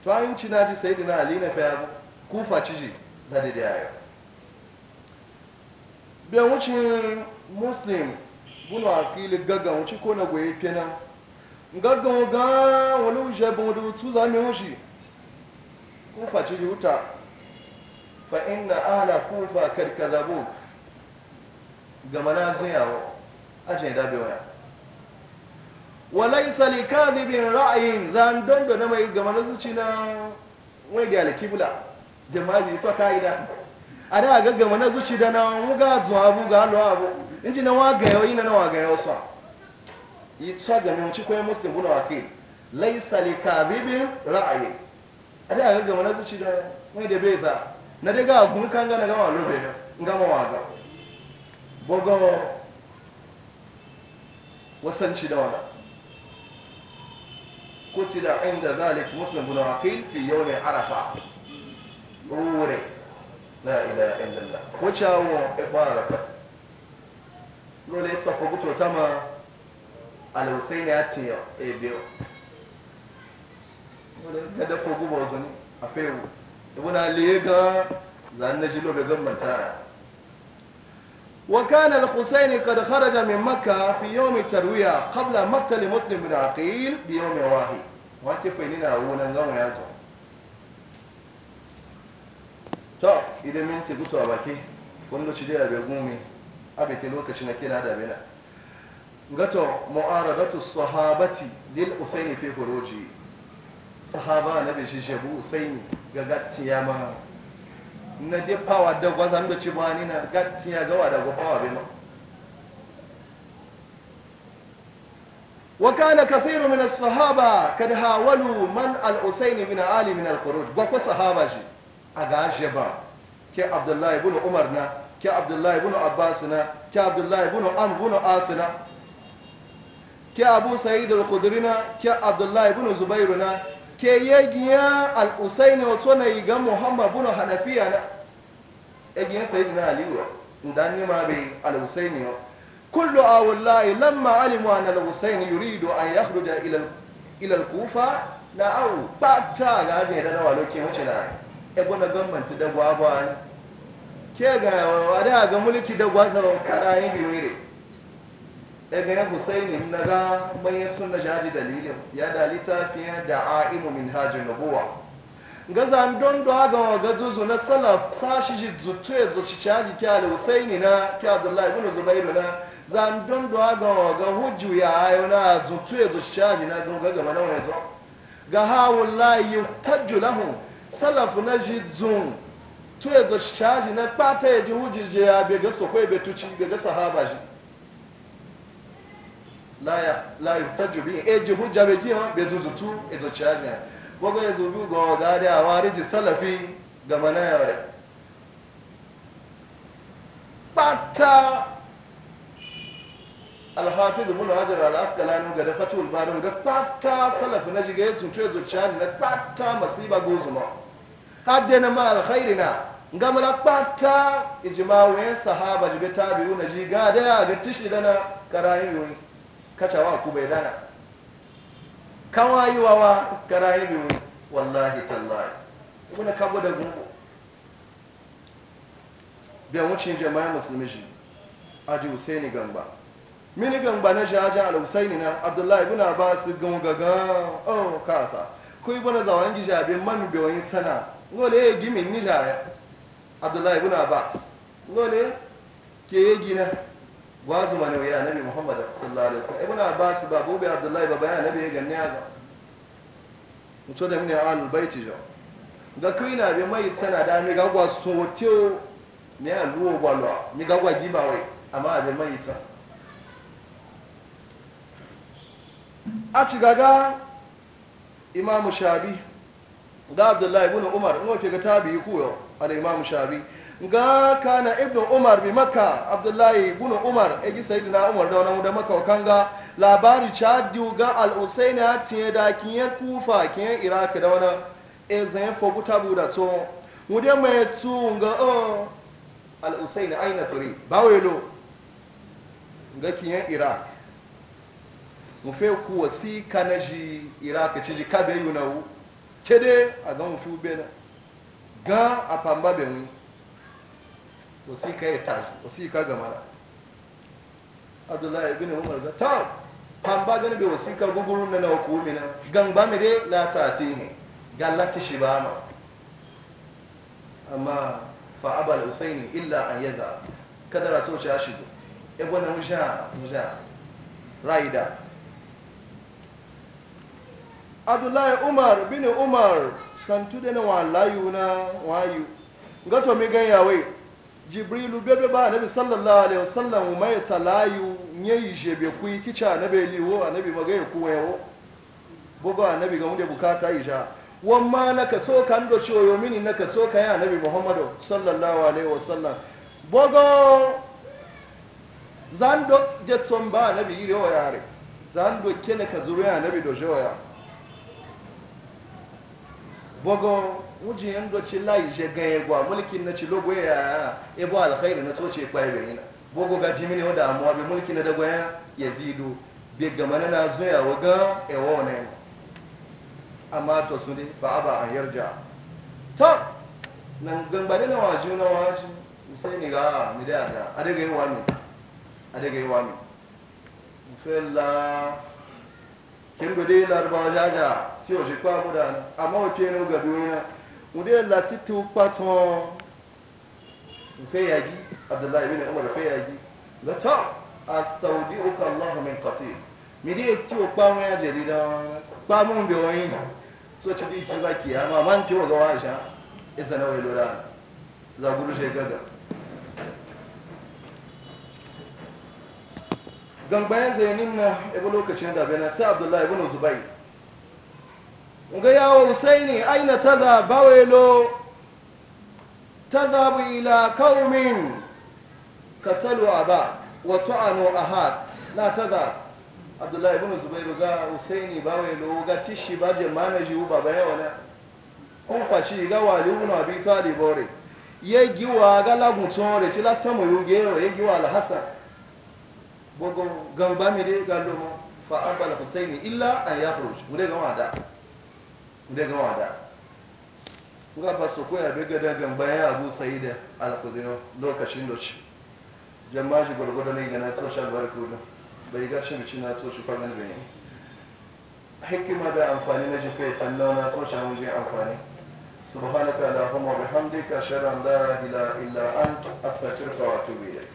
to ainci na ji sai dina ali na fa kufa ciji da dede ayo bi wuce muslim bunu akili gaga wuce ko na goye kenan gaga ga wani wuce ba wudu tu za mu wuce kufa ciji uta fa inna ahla kufa karkazabu gama na zuyawo ajiye da waya. walai salika dibin ra'ayin zan dondo na mai gama na zuci na wai da alkibla jama'a ji to ka'ida a da ga gama na zuci da na wuga zuwa abu ga alo abu in ji na waga yau ina na waga yau sa yi tsa ga mun ci koyi muslim buna wakil laisa lika bibin ra'ayi a da ga gama na zuci da wai da bai za na daga gunkan kan gana gama lobe gama waga bogo wasanci da wani da inda zalik muslim bin wakil fi ne arafa wure la ilaha da wacha wa ibar arafa lole tsa ko guto ma al ne ya ce e biyo wala kada ko gubo zuni afewu ibuna zanen zan ga zan mantara Wakanal الحسين قد خرج من مكة في يوم التروية قبل مقتل مسلم بن عقيل بيوم واحد fainina a wunan zama ya zo to idan minti gusu a baki wanda ci da bai gumi a lokaci na kina da bina gato mu'aradatu sahabati lil usaini fi furuji sahaba na bishi shebu usaini ga gatiya ma na de pawa da gwazan da ci ba nina, na ga tiya gawa da gwawa bai ma wa kana kathiru min as-sahaba kad hawalu man al-usayn bin ali min al-khuruj ba ku sahaba shi a gashi ba ke abdullahi ibn umar na ke abdullahi ibn abbas na ke abdullahi ibn amr ibn as na ke abu Sayyid al-khudri na ke abdullahi ibn zubair na ke yegiya al'usaini wato na yi ga muhammad bin hanafiya na egiyan sayi na aliyu da ni ma bai al'usaini yau kullu a wallahi lamma alimu an al'usaini yurido an ya hudu da ilal kufa na au ba ta ga gajin da rawa lokacin wuce na ebo na gwamnati da gwagwa ke ga da ga mulki da gwazarwa yi biyu ne na za, ابن حسين النجا من يسن جاج دليل يا دالتا في دعائم من هاج النبوة gazan don da ga waga zuzu na salaf sashi ji zuce zuci caji kya da husaini na kya abdullahi ibn zubairu na za zan don da ga waga hujju ya ayo na zuce zuci caji na gunga gama na wani zo ga hawun layi tajju lahu salaf na ji zun tuye zuci caji na kpata ya ji hujjije ya bai ga sokwai bai tuci bai ga sahaba shi la yuftaju bi e ji hujja be ji ha be zuzutu e zo chaga bogo e zo go ga da awariji salafi ga mana yare bata alhafiz ibn hajar al-asqalani ga da fatul barin ga bata salafi na jiga yanzu to e zo chaga na bata masiba gozuma haddana ma alkhairina ijma'u e sahaba jibe tabi'u na jiga ga tishi dana karayin yoyi katawa kubedana kawayiwawa mu, wallahi tallahi ibuna kabo da gungu biya wucin jama'a musulmi shi aji husaini gamba mini gamba na jaja al-husaini na abdullahi ibn abbas gungaga oh kasa ko ibuna zawan gija bin man bi wani tana ngole gimin ni jaya abdullahi ibn abbas ngole ke gina wazu mana ya nabi muhammad sallallahu alaihi wasallam ibn abbas ba bobe abdullahi ba bayan nabi ya ganne ya mutu da mini al baiti jo ga kuina bi mai tana da mi gagwa sote ne a luwo gwalwa mi gagwa wai, amma a bi mai ta a ci gaga imamu shabi ga abdullahi ibn umar in wace ga tabi kuyo al imamu shabi ga kana ibnu umar bi maka abdullahi ibn umar egi sayyidina umar da wannan da maka kanga labari chadiu ga al usaina tiye da kiyen kufa kiyen iraq da wannan e zan fo gutabu da to mude mai tu ga o uh, al usaina aina turi bawelo ga kiyen iraq mu fe ku wasi kanaji iraq ci ji kabe yunawu kede a ga mu fi ubena ga a pamba benwi wasiƙa ya tashi wasiƙa ga mara abdullahi ibn umar ga ta han ba gani bai wasiƙa gugurun na hukumi na gan ba dai la ta ti ne gan lati shi ba ma amma fa abal usaini illa an yaza kadara so ya shigo ebo na musha musha raida abdullahi umar bin umar santu da na walayu na wayu gato mi gan jibrilu bebe ba nabi, sallallahu alaihi wasallam mai talayu yayi jebe ku kicha annabi liwo annabi magai ku yawo buga nabi ga munde bukata isha wamma naka so kan do choyo mini naka so kan nabi muhammadu sallallahu alaihi wasallam bogo zando jetson ba nabi yiro wa yare zando kene ka zuru nabi do joya bogo. wujiyan ce layi je ganye gwa mulkin na ce logo ya ebo alkhairu na toce kwaye gani na bogo ga jimini wa amuwa bai mulki na dagwaya ya zido bai gama na zuya wa ga ewa wa nan amma to su ne ba a ba a yarja ta nan gambari na waju na waju sai ni ga mi da da adaga yi wani adaga yi wani fella kin gode larba jaja ci o shi kwa mu da amma o ke no ga duniya wuri lati tu kwaton fe yaji abdullahi bin umar fe yaji la ta astaudiuka allah min qatil mi de ti o pa won aje dida pa mun be won yin so ti bi ki ba ki ama man ti o ga wa sha isa na welo da za guru she gaga gan bayan zainin na ebo lokacin da bayan sai abdullahi ibn zubair ga yawo husaini aina taza bawelo bu ila kaumin katalu aba a tu'anu ahad na taza abdullahi ibn zubairu ga husaini bawelo ga tishi ba jama'a ji uba ba na on faci ga wali ibn abi talib bore ye giwa ga lagun tun re ti la samu yuge ye giwa al hasan bogo gamba mi de ga lomo fa abal husaini illa an yakhruj mure ga wada daga wada kuka ba su koya daga daga bayan abu sai da alkudino lokacin da shi jama'a shi ne ga na toshe albarku da bai ga shi mici na toshe fagen bayan hikima da amfani na jifai tallo na toshe wajen amfani subhanaka allahumma bihamdika ashhadu an la ilaha illa anta astaghfiruka wa atubu ilayk